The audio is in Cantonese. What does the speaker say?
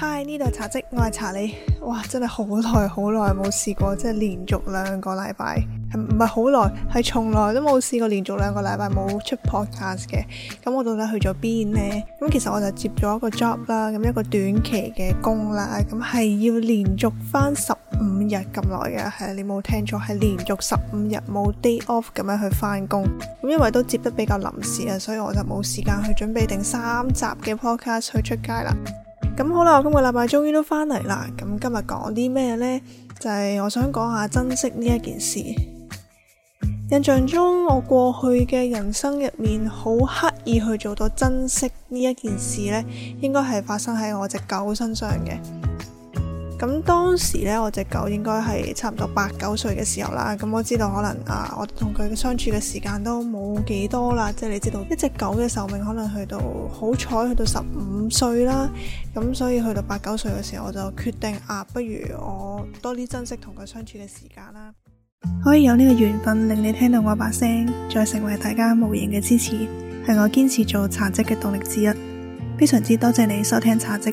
hi 呢度茶嘖，我係查理。哇，真係好耐好耐冇試過，即係連續兩個禮拜，唔唔係好耐，係從來都冇試過連續兩個禮拜冇出 podcast 嘅。咁、嗯、我到底去咗邊呢？咁、嗯、其實我就接咗一個 job 啦，咁一個短期嘅工啦，咁、嗯、係要連續翻十五日咁耐嘅，係你冇聽錯，係連續十五日冇 day off 咁樣去翻工。咁、嗯、因為都接得比較臨時啊，所以我就冇時間去準備定三集嘅 podcast 去出街啦。咁好啦，我今個禮拜終於都返嚟啦。咁今日講啲咩呢？就係我想講下珍惜呢一件事。印象中，我過去嘅人生入面，好刻意去做到珍惜呢一件事呢，應該係發生喺我隻狗身上嘅。咁當時咧，我隻狗應該係差唔多八九歲嘅時候啦。咁我知道可能啊，我同佢嘅相處嘅時間都冇幾多啦。即係你知道，一隻狗嘅壽命可能去到好彩去到十五歲啦。咁所以去到八九歲嘅時候，我就決定啊，不如我多啲珍惜同佢相處嘅時間啦。可以有呢個緣分令你聽到我把聲，再成為大家無形嘅支持，係我堅持做茶嘖嘅動力之一。非常之多謝你收聽茶嘖。